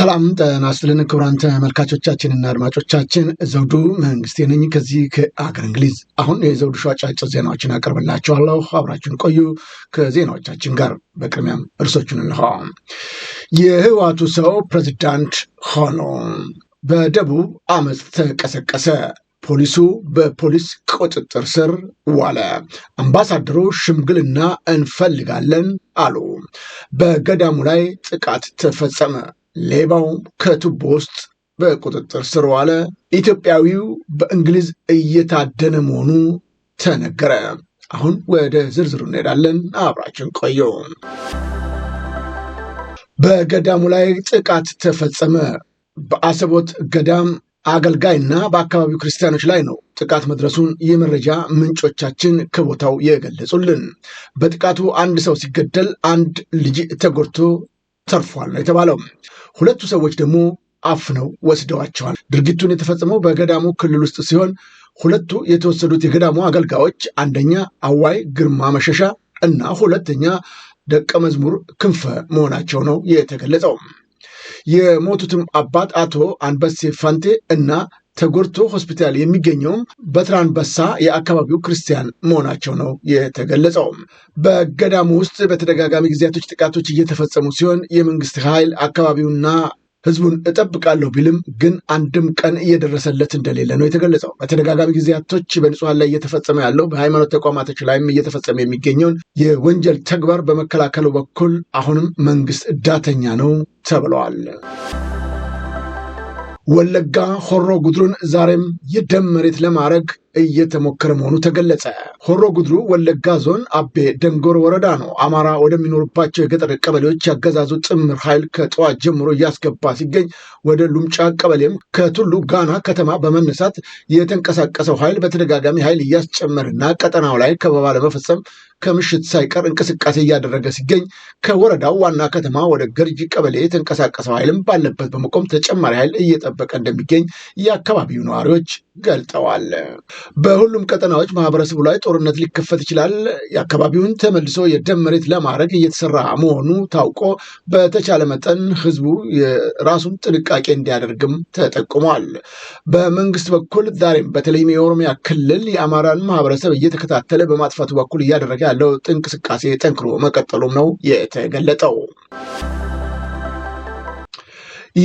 ሰላም ጤና ይስጥልን ክቡራን ተመልካቾቻችንና አድማጮቻችን ዘውዱ መንግስቴ ነኝ ከዚህ ከአገር እንግሊዝ። አሁን የዘውዱ ሾው አጫጭር ዜናዎችን አቀርብላችኋለሁ። አብራችሁን ቆዩ። ከዜናዎቻችን ጋር በቅድሚያም እርሶቹን እንሆ። የህወሓቱ ሰው ፕሬዚዳንት ሆኖ በደቡብ አመፅ ተቀሰቀሰ። ፖሊሱ በፖሊስ ቁጥጥር ስር ዋለ። አምባሳደሩ ሽምግልና እንፈልጋለን አሉ። በገዳሙ ላይ ጥቃት ተፈጸመ። ሌባው ከቱቦ ውስጥ በቁጥጥር ስር ዋለ። ኢትዮጵያዊው በእንግሊዝ እየታደነ መሆኑ ተነገረ። አሁን ወደ ዝርዝሩ እንሄዳለን። አብራችን ቆዩ። በገዳሙ ላይ ጥቃት ተፈጸመ። በአሰቦት ገዳም አገልጋይና በአካባቢው ክርስቲያኖች ላይ ነው ጥቃት መድረሱን የመረጃ ምንጮቻችን ከቦታው የገለጹልን። በጥቃቱ አንድ ሰው ሲገደል አንድ ልጅ ተጎድቶ ተርፏል ነው የተባለው። ሁለቱ ሰዎች ደግሞ አፍነው ወስደዋቸዋል። ድርጊቱን የተፈጸመው በገዳሙ ክልል ውስጥ ሲሆን ሁለቱ የተወሰዱት የገዳሙ አገልጋዮች አንደኛ አዋይ ግርማ መሸሻ እና ሁለተኛ ደቀ መዝሙር ክንፈ መሆናቸው ነው የተገለጸው። የሞቱትም አባት አቶ አንበሴ ፋንቴ እና ተጎድቶ ሆስፒታል የሚገኘውም በትራንበሳ የአካባቢው ክርስቲያን መሆናቸው ነው የተገለጸው። በገዳሙ ውስጥ በተደጋጋሚ ጊዜያቶች ጥቃቶች እየተፈጸሙ ሲሆን የመንግስት ኃይል አካባቢውና ህዝቡን እጠብቃለሁ ቢልም ግን አንድም ቀን እየደረሰለት እንደሌለ ነው የተገለጸው። በተደጋጋሚ ጊዜያቶች በንጹሐን ላይ እየተፈጸመ ያለው በሃይማኖት ተቋማቶች ላይም እየተፈጸመ የሚገኘውን የወንጀል ተግባር በመከላከሉ በኩል አሁንም መንግስት ዳተኛ ነው ተብለዋል። ወለጋ ሆሮ ጉድሩን ዛሬም የደም መሬት ለማድረግ እየተሞከረ መሆኑ ተገለጸ። ሆሮ ጉድሩ ወለጋ ዞን አቤ ደንጎር ወረዳ ነው። አማራ ወደሚኖርባቸው የገጠር ቀበሌዎች ያገዛዙ ጥምር ኃይል ከጠዋት ጀምሮ እያስገባ ሲገኝ ወደ ሉምጫ ቀበሌም ከቱሉ ጋና ከተማ በመነሳት የተንቀሳቀሰው ኃይል በተደጋጋሚ ኃይል እያስጨመርና ቀጠናው ላይ ከበባ ለመፈጸም ከምሽት ሳይቀር እንቅስቃሴ እያደረገ ሲገኝ ከወረዳው ዋና ከተማ ወደ ገርጂ ቀበሌ የተንቀሳቀሰው ኃይልም ባለበት በመቆም ተጨማሪ ኃይል እየጠበቀ እንደሚገኝ የአካባቢው ነዋሪዎች ገልጠዋል። በሁሉም ቀጠናዎች ማህበረሰቡ ላይ ጦርነት ሊከፈት ይችላል። የአካባቢውን ተመልሶ የደም መሬት ለማድረግ እየተሰራ መሆኑ ታውቆ በተቻለ መጠን ህዝቡ የራሱን ጥንቃቄ እንዲያደርግም ተጠቁሟል። በመንግስት በኩል ዛሬም በተለይም የኦሮሚያ ክልል የአማራን ማህበረሰብ እየተከታተለ በማጥፋቱ በኩል እያደረገ ያለው እንቅስቃሴ ጠንክሮ መቀጠሉም ነው የተገለጠው።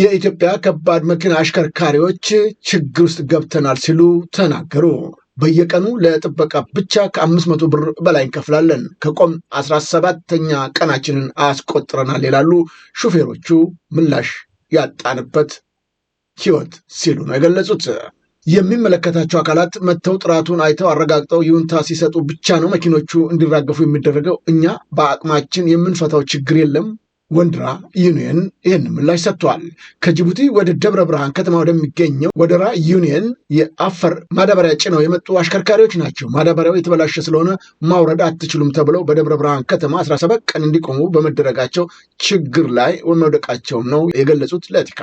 የኢትዮጵያ ከባድ መኪና አሽከርካሪዎች ችግር ውስጥ ገብተናል ሲሉ ተናገሩ። በየቀኑ ለጥበቃ ብቻ ከአምስት መቶ ብር በላይ እንከፍላለን ከቆም አስራ ሰባተኛ ቀናችንን አስቆጥረናል ይላሉ ሹፌሮቹ። ምላሽ ያጣንበት ህይወት ሲሉ ነው የገለጹት። የሚመለከታቸው አካላት መጥተው ጥራቱን አይተው አረጋግጠው ይሁንታ ሲሰጡ ብቻ ነው መኪኖቹ እንዲራገፉ የሚደረገው። እኛ በአቅማችን የምንፈታው ችግር የለም ወንድራ ዩኒየን ይህን ምላሽ ሰጥቷል። ከጅቡቲ ወደ ደብረ ብርሃን ከተማ ወደሚገኘው ወደራ ዩኒየን የአፈር ማዳበሪያ ጭነው የመጡ አሽከርካሪዎች ናቸው። ማዳበሪያው የተበላሸ ስለሆነ ማውረድ አትችሉም ተብለው በደብረ ብርሃን ከተማ 17 ቀን እንዲቆሙ በመደረጋቸው ችግር ላይ መውደቃቸውን ነው የገለጹት። ለቲካ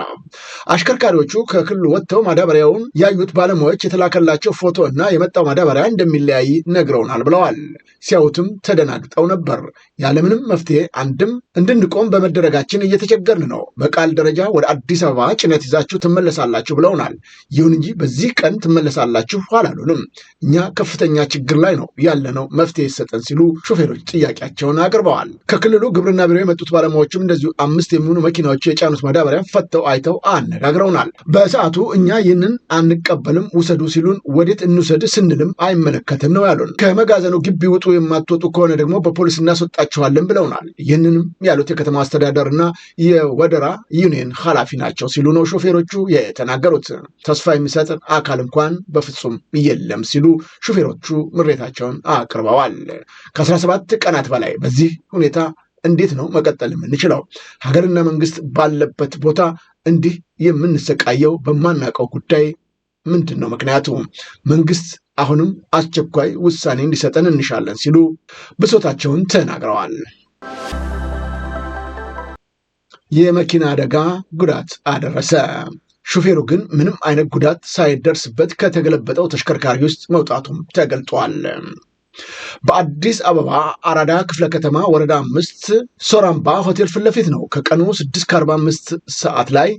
አሽከርካሪዎቹ ከክልሉ ወጥተው ማዳበሪያውን ያዩት ባለሙያዎች የተላከላቸው ፎቶ እና የመጣው ማዳበሪያ እንደሚለያይ ነግረውናል ብለዋል። ሲያዩትም ተደናግጠው ነበር። ያለምንም መፍትሄ አንድም እንድንቆም በመደረጋችን እየተቸገርን ነው። በቃል ደረጃ ወደ አዲስ አበባ ጭነት ይዛችሁ ትመለሳላችሁ ብለውናል። ይሁን እንጂ በዚህ ቀን ትመለሳላችሁ አላሉንም። እኛ ከፍተኛ ችግር ላይ ነው ያለነው፣ መፍትሄ ይሰጠን ሲሉ ሾፌሮች ጥያቄያቸውን አቅርበዋል። ከክልሉ ግብርና ቢሮ የመጡት ባለሙያዎችም እንደዚሁ አምስት የሚሆኑ መኪናዎች የጫኑት ማዳበሪያ ፈተው አይተው አነጋግረውናል። በሰዓቱ እኛ ይህንን አንቀበልም ውሰዱ ሲሉን ወዴት እንውሰድ ስንልም አይመለከትም ነው ያሉን። ከመጋዘኑ ግቢ ውጡ፣ የማትወጡ ከሆነ ደግሞ በፖሊስ እናስወጣችኋለን ብለውናል። ይህንንም ያሉት የከተማ አስተዳደርና የወደራ ዩኒየን ኃላፊ ናቸው ሲሉ ነው ሾፌሮቹ የተናገሩት። ተስፋ የሚሰጥ አካል እንኳን በፍጹም የለም ሲሉ ሾፌሮቹ ምሬታቸውን አቅርበዋል። ከ17 ቀናት በላይ በዚህ ሁኔታ እንዴት ነው መቀጠል የምንችለው? ሀገርና መንግስት ባለበት ቦታ እንዲህ የምንሰቃየው በማናውቀው ጉዳይ ምንድን ነው ምክንያቱ? መንግስት አሁንም አስቸኳይ ውሳኔ እንዲሰጠን እንሻለን ሲሉ ብሶታቸውን ተናግረዋል። የመኪና አደጋ ጉዳት አደረሰ። ሹፌሩ ግን ምንም አይነት ጉዳት ሳይደርስበት ከተገለበጠው ተሽከርካሪ ውስጥ መውጣቱም ተገልጧል። በአዲስ አበባ አራዳ ክፍለ ከተማ ወረዳ አምስት ሶራምባ ሆቴል ፊት ለፊት ነው ከቀኑ 6፡45 ሰዓት ላይ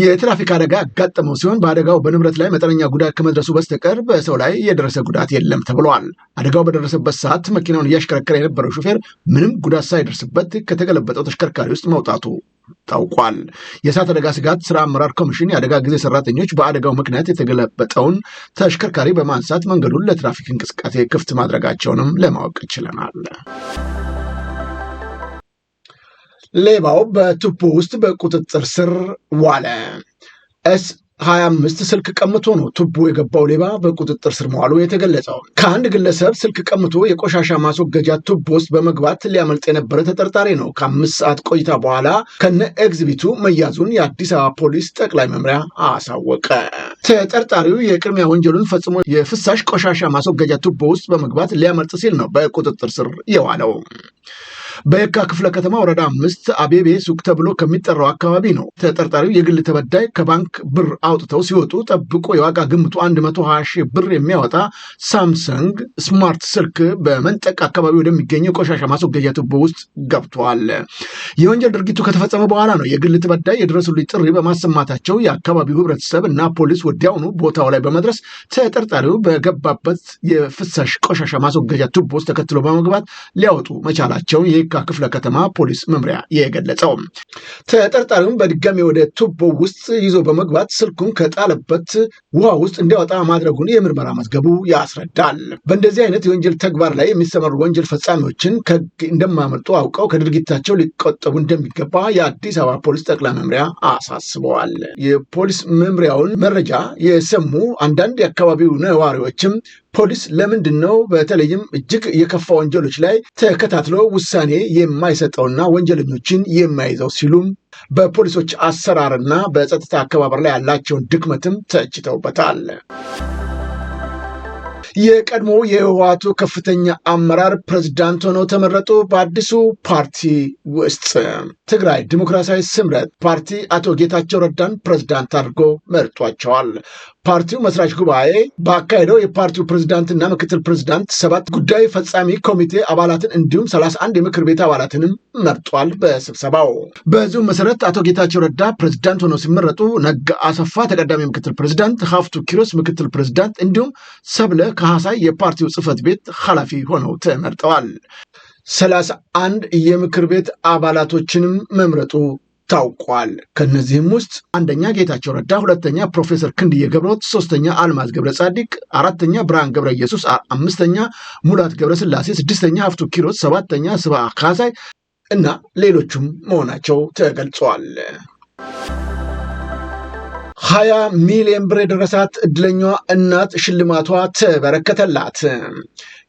የትራፊክ አደጋ ያጋጠመው ሲሆን በአደጋው በንብረት ላይ መጠነኛ ጉዳት ከመድረሱ በስተቀር በሰው ላይ የደረሰ ጉዳት የለም ተብለዋል። አደጋው በደረሰበት ሰዓት መኪናውን እያሽከረከረ የነበረው ሹፌር ምንም ጉዳት ሳይደርስበት ከተገለበጠው ተሽከርካሪ ውስጥ መውጣቱ ታውቋል። የእሳት አደጋ ስጋት ስራ አመራር ኮሚሽን የአደጋ ጊዜ ሰራተኞች በአደጋው ምክንያት የተገለበጠውን ተሽከርካሪ በማንሳት መንገዱን ለትራፊክ እንቅስቃሴ ክፍት ማድረጋቸውንም ለማወቅ ችለናል። ሌባው በቱቦ ውስጥ በቁጥጥር ስር ዋለ። ኤስ 25 ስልክ ቀምቶ ነው ቱቦ የገባው ሌባ በቁጥጥር ስር መዋሉ የተገለጸው። ከአንድ ግለሰብ ስልክ ቀምቶ የቆሻሻ ማስወገጃ ቱቦ ውስጥ በመግባት ሊያመልጥ የነበረ ተጠርጣሪ ነው ከአምስት ሰዓት ቆይታ በኋላ ከነ ኤግዚቢቱ መያዙን የአዲስ አበባ ፖሊስ ጠቅላይ መምሪያ አሳወቀ። ተጠርጣሪው የቅድሚያ ወንጀሉን ፈጽሞ የፍሳሽ ቆሻሻ ማስወገጃ ቱቦ ውስጥ በመግባት ሊያመልጥ ሲል ነው በቁጥጥር ስር የዋለው። በየካ ክፍለ ከተማ ወረዳ አምስት አቤቤ ሱቅ ተብሎ ከሚጠራው አካባቢ ነው። ተጠርጣሪው የግል ተበዳይ ከባንክ ብር አውጥተው ሲወጡ ጠብቆ የዋጋ ግምቱ 120 ሺህ ብር የሚያወጣ ሳምሰንግ ስማርት ስልክ በመንጠቅ አካባቢ ወደሚገኘው ቆሻሻ ማስወገጃ ቱቦ ውስጥ ገብቷል። የወንጀል ድርጊቱ ከተፈጸመ በኋላ ነው የግል ተበዳይ የድረሱልኝ ጥሪ በማሰማታቸው የአካባቢው ህብረተሰብ እና ፖሊስ ወዲያውኑ ቦታው ላይ በመድረስ ተጠርጣሪው በገባበት የፍሳሽ ቆሻሻ ማስወገጃ ቱቦ ውስጥ ተከትሎ በመግባት ሊያወጡ መቻላቸውን የካ ክፍለ ከተማ ፖሊስ መምሪያ የገለጸው። ተጠርጣሪውን በድጋሚ ወደ ቱቦ ውስጥ ይዞ በመግባት ስልኩን ከጣለበት ውሃ ውስጥ እንዲያወጣ ማድረጉን የምርመራ መዝገቡ ያስረዳል። በእንደዚህ አይነት የወንጀል ተግባር ላይ የሚሰማሩ ወንጀል ፈጻሚዎችን ከህግ እንደማያመልጡ አውቀው ከድርጊታቸው ሊቆጠቡ እንደሚገባ የአዲስ አበባ ፖሊስ ጠቅላይ መምሪያ አሳስበዋል። የፖሊስ መምሪያውን መረጃ የሰሙ አንዳንድ የአካባቢው ነዋሪዎችም ፖሊስ ለምንድን ነው በተለይም እጅግ የከፋ ወንጀሎች ላይ ተከታትሎ ውሳኔ የማይሰጠውና ወንጀለኞችን የማይዘው ሲሉም በፖሊሶች አሰራርና በጸጥታ አከባበር ላይ ያላቸውን ድክመትም ተችተውበታል። የቀድሞ የህወሓቱ ከፍተኛ አመራር ፕሬዝዳንት ሆነው ተመረጡ። በአዲሱ ፓርቲ ውስጥ ትግራይ ዲሞክራሲያዊ ስምረት ፓርቲ አቶ ጌታቸው ረዳን ፕሬዝዳንት አድርጎ መርጧቸዋል። ፓርቲው መስራች ጉባኤ በአካሄደው የፓርቲው ፕሬዝዳንትና ምክትል ፕሬዝዳንት ሰባት ጉዳይ ፈጻሚ ኮሚቴ አባላትን እንዲሁም 31 የምክር ቤት አባላትንም መርጧል። በስብሰባው በዚሁ መሰረት አቶ ጌታቸው ረዳ ፕሬዝዳንት ሆነው ሲመረጡ ነጋ አሰፋ ተቀዳሚ ምክትል ፕሬዝዳንት፣ ሀፍቱ ኪሮስ ምክትል ፕሬዝዳንት እንዲሁም ሰብለ ካሳይ የፓርቲው ጽህፈት ቤት ኃላፊ ሆነው ተመርጠዋል። ሰላሳ አንድ የምክር ቤት አባላቶችንም መምረጡ ታውቋል። ከነዚህም ውስጥ አንደኛ ጌታቸው ረዳ፣ ሁለተኛ ፕሮፌሰር ክንድዬ ገብረወት፣ ሶስተኛ አልማዝ ገብረ ጻዲቅ፣ አራተኛ ብርሃን ገብረ ኢየሱስ፣ አምስተኛ ሙላት ገብረ ስላሴ፣ ስድስተኛ ሀፍቱ ኪሮስ፣ ሰባተኛ ስብዓ ካሳይ እና ሌሎቹም መሆናቸው ተገልጿል። ሀያ ሚሊዮን ብር የደረሳት እድለኛዋ እናት ሽልማቷ ተበረከተላት።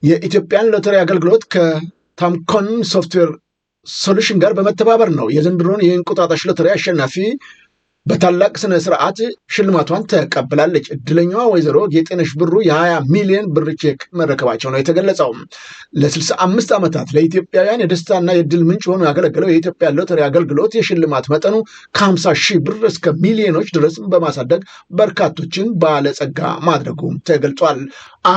የኢትዮጵያን ሎተሪ አገልግሎት ከታምኮን ሶፍትዌር ሶሉሽን ጋር በመተባበር ነው የዘንድሮን የእንቁጣጣሽ ሎተሪ አሸናፊ በታላቅ ስነ ስርዓት ሽልማቷን ተቀብላለች። እድለኛዋ ወይዘሮ ጌጤነሽ ብሩ የ20 ሚሊዮን ብር ቼክ መረከባቸው ነው የተገለጸው። ለ65 ዓመታት ለኢትዮጵያውያን የደስታና የድል ምንጭ ሆኖ ያገለገለው የኢትዮጵያ ሎተሪ አገልግሎት የሽልማት መጠኑ ከ50 ሺህ ብር እስከ ሚሊዮኖች ድረስ በማሳደግ በርካቶችን ባለጸጋ ማድረጉ ተገልጿል።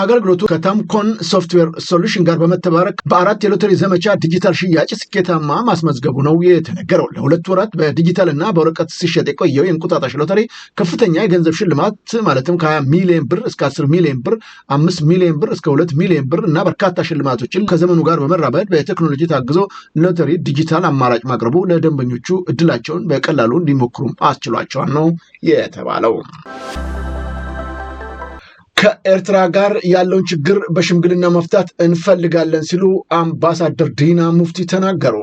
አገልግሎቱ ከታምኮን ሶፍትዌር ሶሉሽን ጋር በመተባበር በአራት የሎተሪ ዘመቻ ዲጂታል ሽያጭ ስኬታማ ማስመዝገቡ ነው የተነገረው። ለሁለት ወራት እና በወረቀት ሲሸጥ የቆየ የሚለየው የእንቁጣጣሽ ሎተሪ ከፍተኛ የገንዘብ ሽልማት ማለትም ከ20 ሚሊዮን ብር እስከ 10 ሚሊዮን ብር፣ 5 ሚሊዮን ብር እስከ 2 ሚሊዮን ብር እና በርካታ ሽልማቶችን ከዘመኑ ጋር በመራመድ በቴክኖሎጂ ታግዞ ሎተሪ ዲጂታል አማራጭ ማቅረቡ ለደንበኞቹ እድላቸውን በቀላሉ እንዲሞክሩም አስችሏቸዋል ነው የተባለው። ከኤርትራ ጋር ያለውን ችግር በሽምግልና መፍታት እንፈልጋለን ሲሉ አምባሳደር ዲና ሙፍቲ ተናገሩ።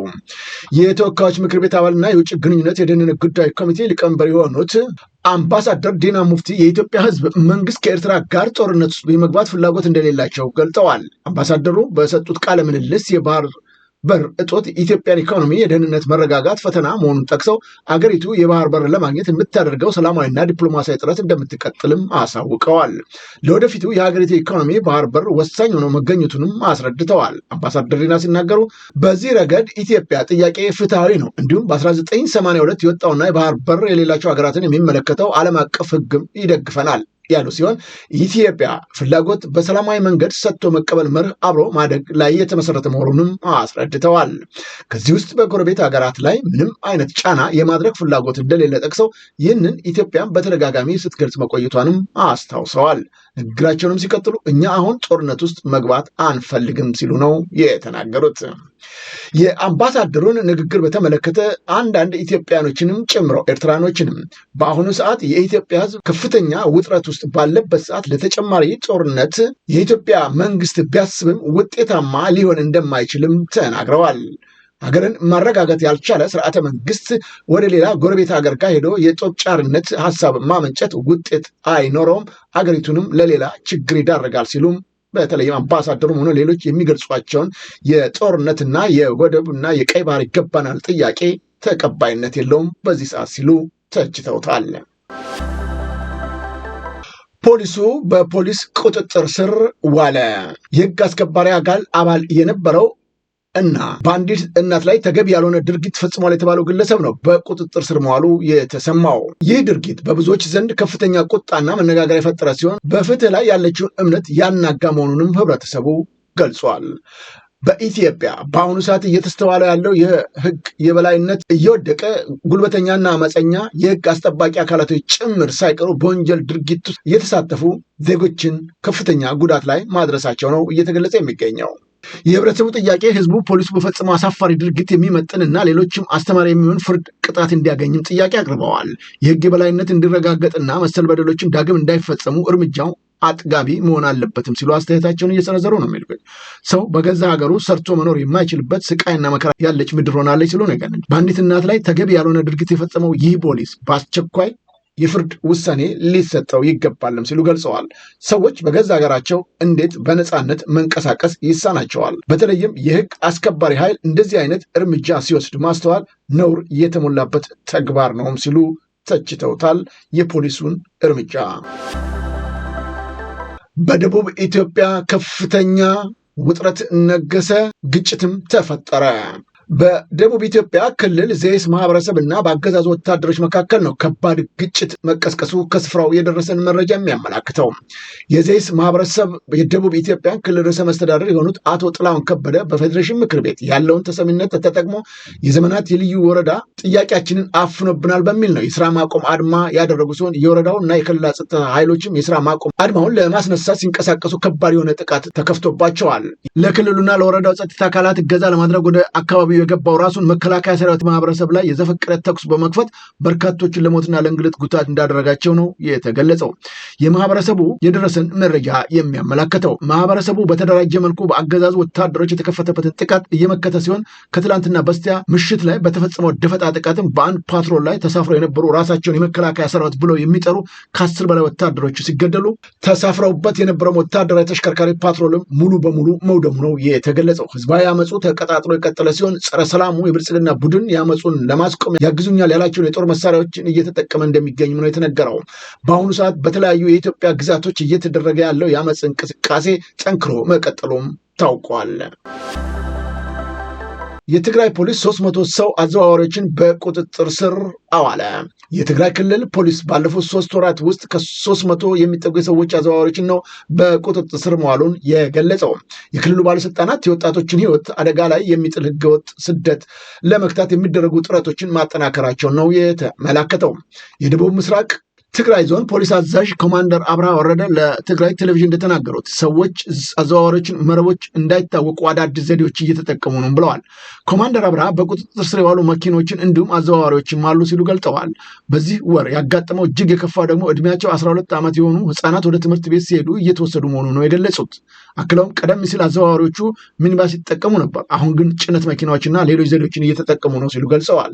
የተወካዮች ምክር ቤት አባልና የውጭ ግንኙነት የደህንነት ጉዳይ ኮሚቴ ሊቀመንበር የሆኑት አምባሳደር ዲና ሙፍቲ የኢትዮጵያ ሕዝብ መንግስት ከኤርትራ ጋር ጦርነት ውስጥ የመግባት ፍላጎት እንደሌላቸው ገልጠዋል። አምባሳደሩ በሰጡት ቃለ ምልልስ የባህር በር እጦት የኢትዮጵያን ኢኮኖሚ የደህንነት መረጋጋት ፈተና መሆኑን ጠቅሰው አገሪቱ የባህር በር ለማግኘት የምታደርገው ሰላማዊና ዲፕሎማሲያዊ ጥረት እንደምትቀጥልም አሳውቀዋል። ለወደፊቱ የሀገሪቱ ኢኮኖሚ ባህር በር ወሳኝ ሆኖ መገኘቱንም አስረድተዋል። አምባሳደር ዲና ሲናገሩ በዚህ ረገድ ኢትዮጵያ ጥያቄ ፍትሐዊ ነው፣ እንዲሁም በ1982 የወጣውና የባህር በር የሌላቸው ሀገራትን የሚመለከተው ዓለም አቀፍ ህግም ይደግፈናል ያሉ ሲሆን ኢትዮጵያ ፍላጎት በሰላማዊ መንገድ ሰጥቶ መቀበል መርህ አብሮ ማደግ ላይ የተመሰረተ መሆኑንም አስረድተዋል። ከዚህ ውስጥ በጎረቤት ሀገራት ላይ ምንም አይነት ጫና የማድረግ ፍላጎት እንደሌለ ጠቅሰው ይህንን ኢትዮጵያን በተደጋጋሚ ስትገልጽ መቆየቷንም አስታውሰዋል። ንግግራቸውንም ሲቀጥሉ እኛ አሁን ጦርነት ውስጥ መግባት አንፈልግም ሲሉ ነው የተናገሩት። የአምባሳደሩን ንግግር በተመለከተ አንዳንድ ኢትዮጵያኖችንም ጨምሮ ኤርትራኖችንም በአሁኑ ሰዓት የኢትዮጵያ ሕዝብ ከፍተኛ ውጥረት ውስጥ ባለበት ሰዓት ለተጨማሪ ጦርነት የኢትዮጵያ መንግስት ቢያስብም ውጤታማ ሊሆን እንደማይችልም ተናግረዋል። ሀገርን ማረጋጋት ያልቻለ ስርዓተ መንግስት ወደ ሌላ ጎረቤት ሀገር ጋር ሄዶ የጦር ጫሪነት ሀሳብ ማመንጨት ውጤት አይኖረውም፣ አገሪቱንም ለሌላ ችግር ይዳረጋል ሲሉም በተለይም አምባሳደሩም ሆነ ሌሎች የሚገልጿቸውን የጦርነትና የወደብና የቀይ ባህር ይገባናል ጥያቄ ተቀባይነት የለውም በዚህ ሰዓት ሲሉ ተችተውታል። ፖሊሱ በፖሊስ ቁጥጥር ስር ዋለ። የህግ አስከባሪ አካል አባል የነበረው እና በአንዲት እናት ላይ ተገቢ ያልሆነ ድርጊት ፈጽሟል የተባለው ግለሰብ ነው በቁጥጥር ስር መዋሉ የተሰማው። ይህ ድርጊት በብዙዎች ዘንድ ከፍተኛ ቁጣና መነጋገር የፈጠረ ሲሆን በፍትህ ላይ ያለችውን እምነት ያናጋ መሆኑንም ህብረተሰቡ ገልጿል። በኢትዮጵያ በአሁኑ ሰዓት እየተስተዋለ ያለው የህግ የበላይነት እየወደቀ ጉልበተኛና አመፀኛ የህግ አስጠባቂ አካላቶች ጭምር ሳይቀሩ በወንጀል ድርጊት ውስጥ እየተሳተፉ ዜጎችን ከፍተኛ ጉዳት ላይ ማድረሳቸው ነው እየተገለጸ የሚገኘው። የህብረተሰቡ ጥያቄ ህዝቡ ፖሊሱ በፈጸመው አሳፋሪ ድርጊት የሚመጥን እና ሌሎችም አስተማሪ የሚሆን ፍርድ ቅጣት እንዲያገኝም ጥያቄ አቅርበዋል። የህግ የበላይነት እንዲረጋገጥና መሰል በደሎችም ዳግም እንዳይፈጸሙ እርምጃው አጥጋቢ መሆን አለበትም ሲሉ አስተያየታቸውን እየሰነዘሩ ነው የሚሉት ሰው በገዛ ሀገሩ ሰርቶ መኖር የማይችልበት ስቃይና መከራ ያለች ምድር ሆናለች ሲሉ ነገር በአንዲት እናት ላይ ተገቢ ያልሆነ ድርጊት የፈጸመው ይህ ፖሊስ በአስቸኳይ የፍርድ ውሳኔ ሊሰጠው ይገባልም ሲሉ ገልጸዋል። ሰዎች በገዛ ሀገራቸው እንዴት በነፃነት መንቀሳቀስ ይሳናቸዋል? በተለይም የህግ አስከባሪ ኃይል እንደዚህ አይነት እርምጃ ሲወስድ ማስተዋል ነውር የተሞላበት ተግባር ነውም ሲሉ ተችተውታል የፖሊሱን እርምጃ። በደቡብ ኢትዮጵያ ከፍተኛ ውጥረት ነገሰ፣ ግጭትም ተፈጠረ። በደቡብ ኢትዮጵያ ክልል ዘይስ ማህበረሰብ እና በአገዛዙ ወታደሮች መካከል ነው ከባድ ግጭት መቀስቀሱ ከስፍራው የደረሰን መረጃ የሚያመላክተው። የዘይስ ማህበረሰብ የደቡብ ኢትዮጵያ ክልል ርዕሰ መስተዳደር የሆኑት አቶ ጥላሁን ከበደ በፌዴሬሽን ምክር ቤት ያለውን ተሰሚነት ተጠቅሞ የዘመናት የልዩ ወረዳ ጥያቄያችንን አፍኖብናል በሚል ነው የስራ ማቆም አድማ ያደረጉ ሲሆን የወረዳው እና የክልል ጸጥታ ኃይሎችም የስራ ማቆም አድማውን ለማስነሳት ሲንቀሳቀሱ ከባድ የሆነ ጥቃት ተከፍቶባቸዋል። ለክልሉና ለወረዳው ጸጥታ አካላት እገዛ ለማድረግ ወደ አካባቢው የገባው ራሱን መከላከያ ሰራዊት ማህበረሰብ ላይ የዘፈቀደ ተኩስ በመክፈት በርካቶችን ለሞትና ለእንግልት ጉዳት እንዳደረጋቸው ነው የተገለጸው። የማህበረሰቡ የደረሰን መረጃ የሚያመላክተው ማህበረሰቡ በተደራጀ መልኩ በአገዛዙ ወታደሮች የተከፈተበትን ጥቃት እየመከተ ሲሆን ከትላንትና በስቲያ ምሽት ላይ በተፈጸመው ደፈጣ ጥቃትም በአንድ ፓትሮል ላይ ተሳፍረው የነበሩ ራሳቸውን የመከላከያ ሰራዊት ብለው የሚጠሩ ከአስር በላይ ወታደሮች ሲገደሉ ተሳፍረውበት የነበረው ወታደራዊ ተሽከርካሪ ፓትሮልም ሙሉ በሙሉ መውደሙ ነው የተገለጸው። ህዝባዊ አመፁ ተቀጣጥሎ የቀጠለ ሲሆን ጸረ ሰላሙ የብልጽግና ቡድን ያመፁን ለማስቆም ያግዙኛል ያላቸውን የጦር መሳሪያዎችን እየተጠቀመ እንደሚገኝም ነው የተነገረው። በአሁኑ ሰዓት በተለያዩ የኢትዮጵያ ግዛቶች እየተደረገ ያለው የአመፅ እንቅስቃሴ ጠንክሮ መቀጠሉም ታውቋል። የትግራይ ፖሊስ 300 ሰው አዘዋዋሪዎችን በቁጥጥር ስር አዋለ። የትግራይ ክልል ፖሊስ ባለፉት ሶስት ወራት ውስጥ ከ300 የሚጠጉ የሰዎች አዘዋዋሪዎችን ነው በቁጥጥር ስር መዋሉን የገለጸው። የክልሉ ባለስልጣናት የወጣቶችን ህይወት አደጋ ላይ የሚጥል ህገወጥ ስደት ለመግታት የሚደረጉ ጥረቶችን ማጠናከራቸው ነው የተመላከተው። የደቡብ ምስራቅ ትግራይ ዞን ፖሊስ አዛዥ ኮማንደር አብርሃ ወረደ ለትግራይ ቴሌቪዥን እንደተናገሩት ሰዎች አዘዋዋሪዎችን መረቦች እንዳይታወቁ አዳዲስ ዘዴዎች እየተጠቀሙ ነው ብለዋል። ኮማንደር አብርሃ በቁጥጥር ስር የዋሉ መኪኖችን እንዲሁም አዘዋዋሪዎችን አሉ ሲሉ ገልጠዋል። በዚህ ወር ያጋጠመው እጅግ የከፋ ደግሞ እድሜያቸው 12 ዓመት የሆኑ ህፃናት ወደ ትምህርት ቤት ሲሄዱ እየተወሰዱ መሆኑ ነው የገለጹት። አክለውም ቀደም ሲል አዘዋዋሪዎቹ ሚኒባስ ይጠቀሙ ነበር፣ አሁን ግን ጭነት መኪናዎችና ሌሎች ዘዴዎችን እየተጠቀሙ ነው ሲሉ ገልጸዋል።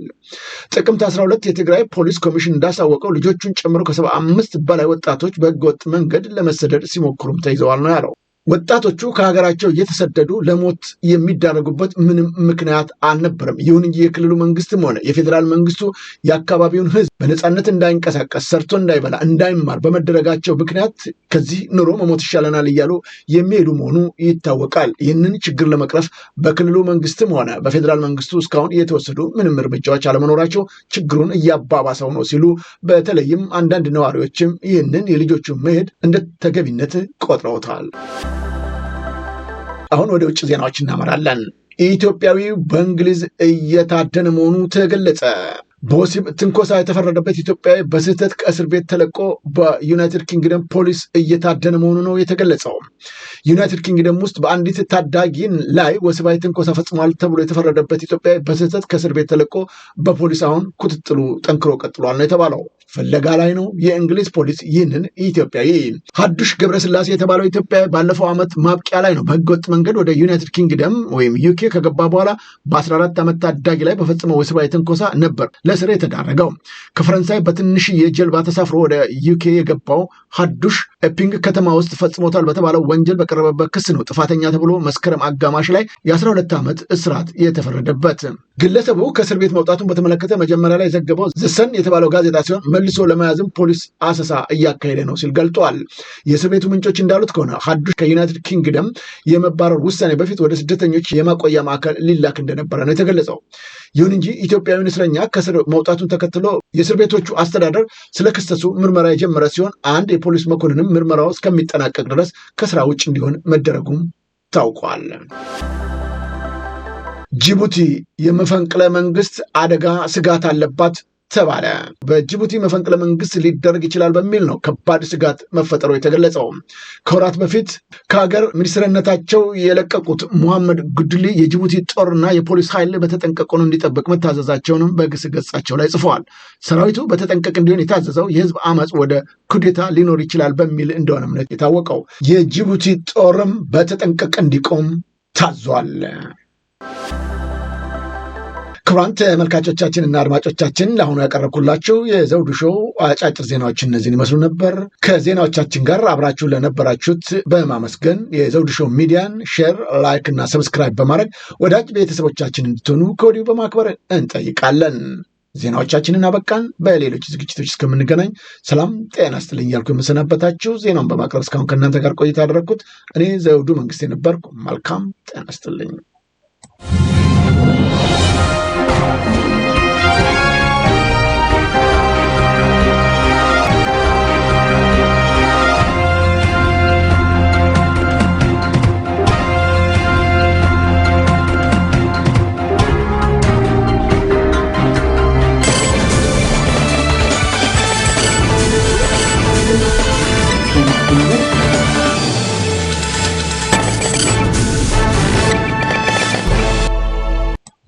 ጥቅምት 12 የትግራይ ፖሊስ ኮሚሽን እንዳሳወቀው ልጆቹን ጨምሮ ከሰባ አምስት በላይ ወጣቶች በህገወጥ መንገድ ለመሰደድ ሲሞክሩም ተይዘዋል ነው ያለው። ወጣቶቹ ከሀገራቸው እየተሰደዱ ለሞት የሚዳረጉበት ምንም ምክንያት አልነበረም። ይሁን እንጂ የክልሉ መንግስትም ሆነ የፌዴራል መንግስቱ የአካባቢውን ህዝብ በነፃነት እንዳይንቀሳቀስ ሰርቶ እንዳይበላ እንዳይማር በመደረጋቸው ምክንያት ከዚህ ኑሮ መሞት ይሻለናል እያሉ የሚሄዱ መሆኑ ይታወቃል። ይህንን ችግር ለመቅረፍ በክልሉ መንግስትም ሆነ በፌዴራል መንግስቱ እስካሁን የተወሰዱ ምንም እርምጃዎች አለመኖራቸው ችግሩን እያባባሰው ነው ሲሉ በተለይም አንዳንድ ነዋሪዎችም ይህንን የልጆቹን መሄድ እንደ ተገቢነት ቆጥረውታል። አሁን ወደ ውጭ ዜናዎች እናመራለን። ኢትዮጵያዊው በእንግሊዝ እየታደነ መሆኑ ተገለጸ። በወሲብ ትንኮሳ የተፈረደበት ኢትዮጵያዊ በስህተት ከእስር ቤት ተለቆ በዩናይትድ ኪንግደም ፖሊስ እየታደነ መሆኑ ነው የተገለጸው። ዩናይትድ ኪንግደም ውስጥ በአንዲት ታዳጊን ላይ ወሲባዊ ትንኮሳ ፈጽሟል ተብሎ የተፈረደበት ኢትዮጵያዊ በስህተት ከእስር ቤት ተለቆ በፖሊስ አሁን ክትትሉ ጠንክሮ ቀጥሏል ነው የተባለው። ፍለጋ ላይ ነው። የእንግሊዝ ፖሊስ ይህንን ኢትዮጵያዊ ሀዱሽ ገብረስላሴ የተባለው ኢትዮጵያዊ ባለፈው ዓመት ማብቂያ ላይ ነው በህገወጥ መንገድ ወደ ዩናይትድ ኪንግደም ወይም ዩኬ ከገባ በኋላ በ14 ዓመት ታዳጊ ላይ በፈጸመው ወሲባዊ ትንኮሳ ነበር ለስር የተዳረገው። ከፈረንሳይ በትንሽዬ ጀልባ ተሳፍሮ ወደ ዩኬ የገባው ሀዱሽ ኤፒንግ ከተማ ውስጥ ፈጽሞታል በተባለው ወንጀል በቀረበበት ክስ ነው ጥፋተኛ ተብሎ መስከረም አጋማሽ ላይ የ12 ዓመት እስራት የተፈረደበት። ግለሰቡ ከእስር ቤት መውጣቱን በተመለከተ መጀመሪያ ላይ የዘገበው ዝሰን የተባለው ጋዜጣ ሲሆን መልሶ ለመያዝም ፖሊስ አሰሳ እያካሄደ ነው ሲል ገልጧል። የእስር ቤቱ ምንጮች እንዳሉት ከሆነ ሀዱሽ ከዩናይትድ ኪንግደም የመባረር ውሳኔ በፊት ወደ ስደተኞች የማቆያ ማዕከል ሊላክ እንደነበረ ነው የተገለጸው። ይሁን እንጂ ኢትዮጵያዊን እስረኛ ከስር መውጣቱን ተከትሎ የእስር ቤቶቹ አስተዳደር ስለ ክስተቱ ምርመራ የጀመረ ሲሆን አንድ የፖሊስ መኮንንም ምርመራው እስከሚጠናቀቅ ድረስ ከስራ ውጭ እንዲሆን መደረጉም ታውቋል። ጅቡቲ የመፈንቅለ መንግስት አደጋ ስጋት አለባት ተባለ። በጅቡቲ መፈንቅለ መንግስት ሊደረግ ይችላል በሚል ነው ከባድ ስጋት መፈጠሩ የተገለጸው። ከወራት በፊት ከሀገር ሚኒስትርነታቸው የለቀቁት ሙሐመድ ጉድሊ የጅቡቲ ጦርና የፖሊስ ኃይል በተጠንቀቅ ሆኖ እንዲጠብቅ መታዘዛቸውንም በግስ ገጻቸው ላይ ጽፈዋል። ሰራዊቱ በተጠንቀቅ እንዲሆን የታዘዘው የህዝብ አመፅ ወደ ኩዴታ ሊኖር ይችላል በሚል እንደሆነ እምነት የታወቀው የጅቡቲ ጦርም በተጠንቀቅ እንዲቆም ታዟል። ክቡራን ተመልካቾቻችንና አድማጮቻችን ለአሁኑ ያቀረብኩላችሁ የዘውዱ ሾው አጫጭር ዜናዎችን እነዚህን ይመስሉ ነበር። ከዜናዎቻችን ጋር አብራችሁ ለነበራችሁት በማመስገን የዘውዱ ሾው ሚዲያን ሼር፣ ላይክ እና ሰብስክራይብ በማድረግ ወዳጅ ቤተሰቦቻችን እንድትሆኑ ከወዲሁ በማክበር እንጠይቃለን። ዜናዎቻችንን አበቃን። በሌሎች ዝግጅቶች እስከምንገናኝ ሰላም ጤና ስጥልኝ እያልኩ የምሰናበታችሁ ዜናውን በማቅረብ እስካሁን ከእናንተ ጋር ቆይታ ያደረግኩት እኔ ዘውዱ መንግስት የነበርኩ። መልካም ጤና ስጥልኝ።